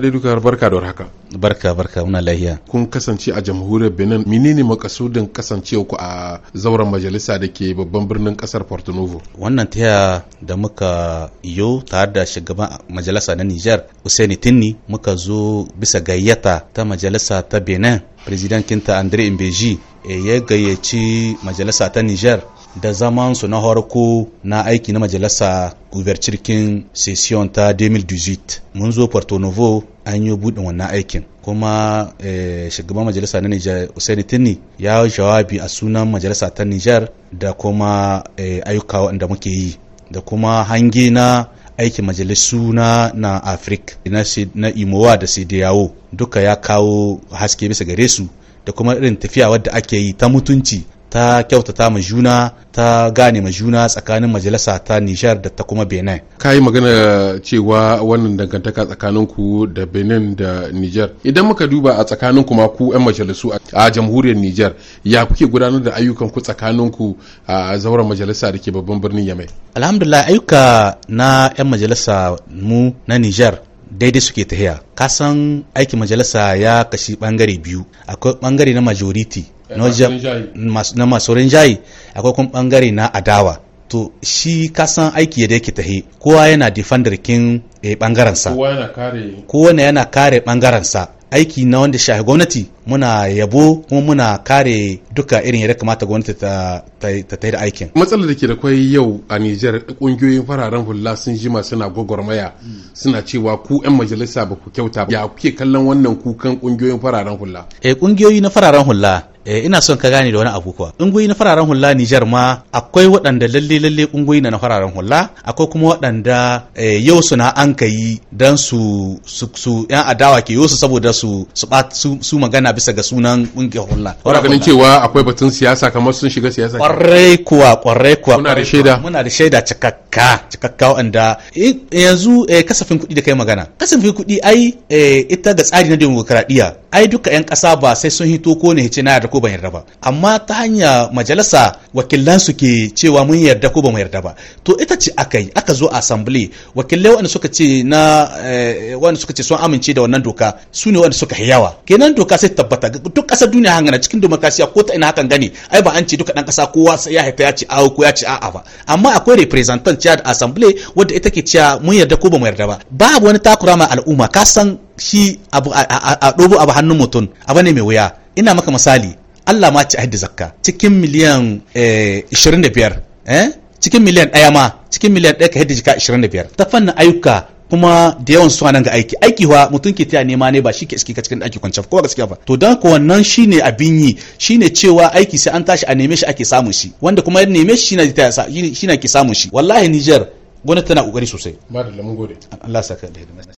Alidukar barka da haka. Barka barka muna lahiya. Kun kasance a jamhuriyar Benin menene makasudin kasancewa ku a zauren majalisa da ke babban birnin kasar Porto Novo? Wannan taya da muka yo tare da shugaban majalisa na Niger Usaini Tinni muka zo bisa gayyata ta majalisa ta Benin Presidentinta Andre e eh, ya gayyaci majalisa ta Niger da zaman su na harko na aiki na majalisa ouverture kin session ta 2018 mun zo porto novo an yi buɗin wannan aikin kuma eh, shugaban majalisa na niger usaini tinni ya jawabi a sunan majalisa ta nijar da kuma eh, ayyuka wanda muke yi da kuma hange na aikin majalisu na na afirka na imowa da yawo duka ya kawo haske bisa gare su da kuma irin tafiya wadda ake yi ta mutunci ta kyautata ma juna ta gane ma juna tsakanin majalisa ta Nijar da ta kuma Benin. Ka yi magana cewa wannan dangantaka tsakanin ku da Benin da Nijar. Idan muka duba a tsakanin ku ma ku 'yan majalisu a jamhuriyar Nijar ya kuke gudanar da ayyukan ku tsakanin ku a zauren majalisa da ke babban birnin Yamai. Alhamdulillah ayyuka na 'yan majalisa mu na Nijar daidai suke tahiya kasan aikin majalisa ya kashi bangare biyu akwai bangare na majority Eh, na masu jayi akwai kuma bangare na adawa to shi kasan aiki da yake tahi kowa yana defender kin e, eh, bangaransa kowa yana kare sa aiki na wanda shahi gwamnati muna yabo kuma muna kare duka irin yadda kamata gwamnati ta ta da aikin matsalar da ke da kwai yau a Nijar kungiyoyin fararen hula sun jima suna gwagwarmaya suna cewa ku yan majalisa ba ku kyauta ba ya kuke kallon wannan kukan kungiyoyin fararen hula eh kungiyoyi na fararen hula Eh, ina son ka gane da wani abu kuwa ƙungiyoyi na fararen hula Nijar ma akwai waɗanda lalle lalle ƙungiyoyi na fararen hula akwai kuma waɗanda eh, yau suna an ka yi dan su su yan adawa ke yau su saboda su su magana bisa ga sunan ƙungiyar hula. Wara ganin cewa akwai batun siyasa kamar sun shiga siyasa. Kwarai kuwa kwarai kuwa. Muna da shaida. Muna da shaida cikak. ka cikakka wanda eh, yanzu eh, kasafin kuɗi da kai magana kasafin kuɗi ai eh, ita ga tsari na demokaradiyya ai duka 'yan ƙasa ba sai sun hito ko ne hice na yarda ko ban yarda ba amma ta hanya majalisa wakilansu ke cewa mun yarda ko ba yarda ba to ita ce aka yi aka zo assembly wakilai wanda suka ce na eh, wanda suka ce sun amince da wannan doka su ne wanda suka yawa kenan doka sai tabbata duk kasar duniya hangana cikin demokrasiya ko ta ina hakan gani ai ba an ce duka dan kasa kowa ya haifa ya ce awo ko ya ce a'a ba amma akwai representant da assembly wanda ita ke cewa mun yarda ko ba mu yarda ba babu wani takura ma al'umma ka san shi a dobo abu hannun mutum abu ne mai wuya ina maka misali Allah ma ci ahdi zakka cikin miliyan 25 eh, biyar eh? cikin miliyan ɗaya ma cikin miliyan ɗaya ka hidda jika 25 ta fannin ayyuka kuma da yawan suna nan ga aiki aiki wa mutum ke tiya nema ne ba shi ke iski ka cikin ɗaki kwanciyar kowa gaskiya ba to don ko wannan shine abin yi shine cewa aiki sai an tashi a neme shi ake samun shi wanda kuma ya neme shi shine ke samun shi wallahi Niger gwamnati tana kokari sosai ba da lamun gode Allah saka da